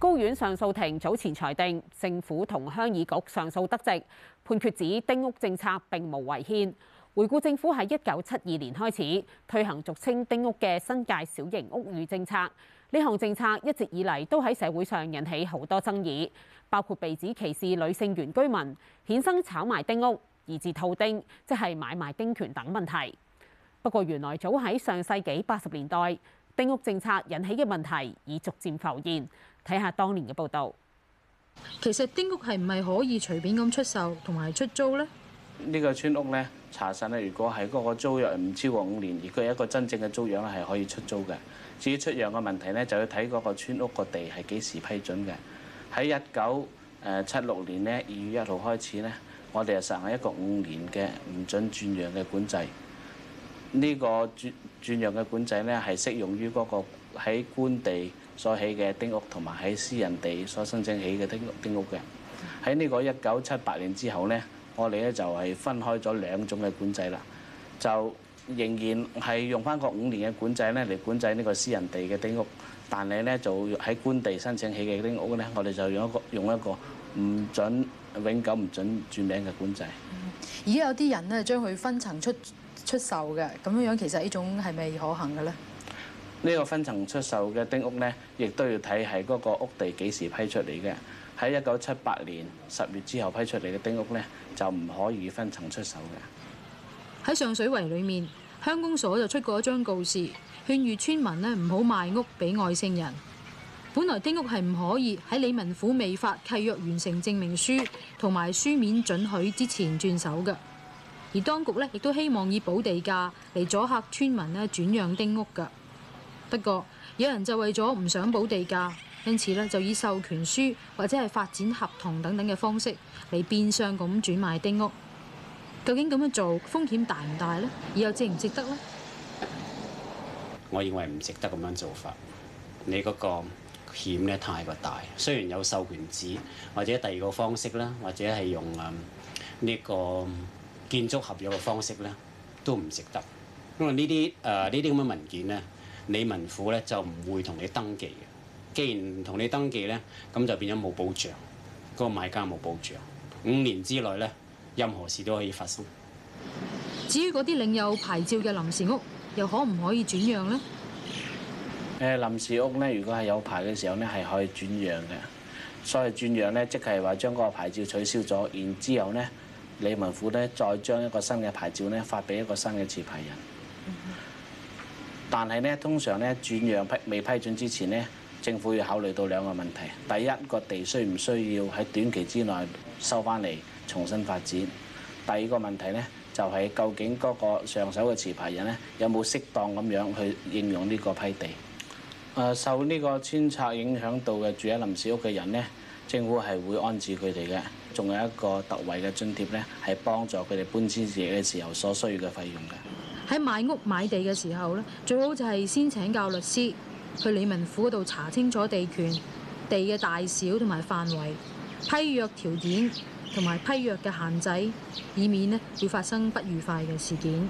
高院上訴庭早前裁定，政府同鄉議局上訴得直，判決指丁屋政策並無違憲。回顧政府喺一九七二年開始推行俗稱丁屋嘅新界小型屋宇政策，呢項政策一直以嚟都喺社會上引起好多爭議，包括被指歧視女性原居民、衍生炒賣丁屋以至套丁，即係買賣丁權等問題。不過，原來早喺上世紀八十年代，丁屋政策引起嘅問題已逐漸浮現。睇下當年嘅報道，其實丁屋係唔係可以隨便咁出售同埋出租咧？呢個村屋咧，查實咧，如果係嗰個租約唔超過五年，而佢係一個真正嘅租約咧，係可以出租嘅。至於出讓嘅問題咧，就要睇嗰個村屋個地係幾時批准嘅。喺一九誒七六年咧，二月一號開始咧，我哋係實行一個五年嘅唔准轉讓嘅管制。呢個轉轉讓嘅管制咧，係適用於嗰個喺官地。所起嘅丁屋同埋喺私人地所申請起嘅丁屋，丁屋嘅喺呢個一九七八年之後咧，我哋咧就係分開咗兩種嘅管制啦。就仍然係用翻個五年嘅管制咧嚟管制呢個私人地嘅丁屋，但係咧就喺官地申請起嘅丁屋咧，我哋就用一個用一個唔準永久唔準轉名嘅管制。而家有啲人咧將佢分層出出售嘅，咁樣樣其實呢種係咪可行嘅咧？呢個分層出售嘅丁屋呢，亦都要睇係嗰個屋地幾時批出嚟嘅。喺一九七八年十月之後批出嚟嘅丁屋呢，就唔可以分層出售嘅。喺上水圍裏面，鄉公所就出過一張告示，勸喻村民呢唔好賣屋俾外姓人。本來丁屋係唔可以喺理民府未發契約完成證明書同埋書面准許之前轉手嘅，而當局呢，亦都希望以補地價嚟阻嚇村民呢轉讓丁屋㗎。不過，有人就為咗唔想補地價，因此咧就以授權書或者係發展合同等等嘅方式嚟變相咁轉賣丁屋。究竟咁樣做風險大唔大呢？以後值唔值得呢？我認為唔值得咁樣做法。你嗰個險咧太過大，雖然有授權紙或者第二個方式啦，或者係用啊呢個建築合約嘅方式咧，都唔值得，因為呢啲誒呢啲咁嘅文件咧。理民府咧就唔會同你登記嘅，既然唔同你登記咧，咁就變咗冇保障，嗰個買家冇保障。五年之內咧，任何事都可以發生。至於嗰啲領有牌照嘅臨時屋，又可唔可以轉讓咧？誒臨時屋咧，如果係有牌嘅時候咧，係可以轉讓嘅。所以轉讓咧，即係話將嗰個牌照取消咗，然之後咧，理民府咧再將一個新嘅牌照咧發俾一個新嘅持牌人。但係咧，通常咧轉讓批未批准之前咧，政府要考慮到兩個問題。第一個，地需唔需要喺短期之內收翻嚟重新發展？第二個問題咧，就係、是、究竟嗰個上手嘅持牌人咧，有冇適當咁樣去應用呢個批地？誒、呃，受呢個遷拆影響到嘅住喺臨時屋嘅人咧，政府係會安置佢哋嘅，仲有一個特惠嘅津貼咧，係幫助佢哋搬遷自己嘅時候所需要嘅費用嘅。喺買屋買地嘅時候咧，最好就係先請教律師去理民府嗰度查清楚地權、地嘅大小同埋範圍、批約條件同埋批約嘅限制，以免咧會發生不愉快嘅事件。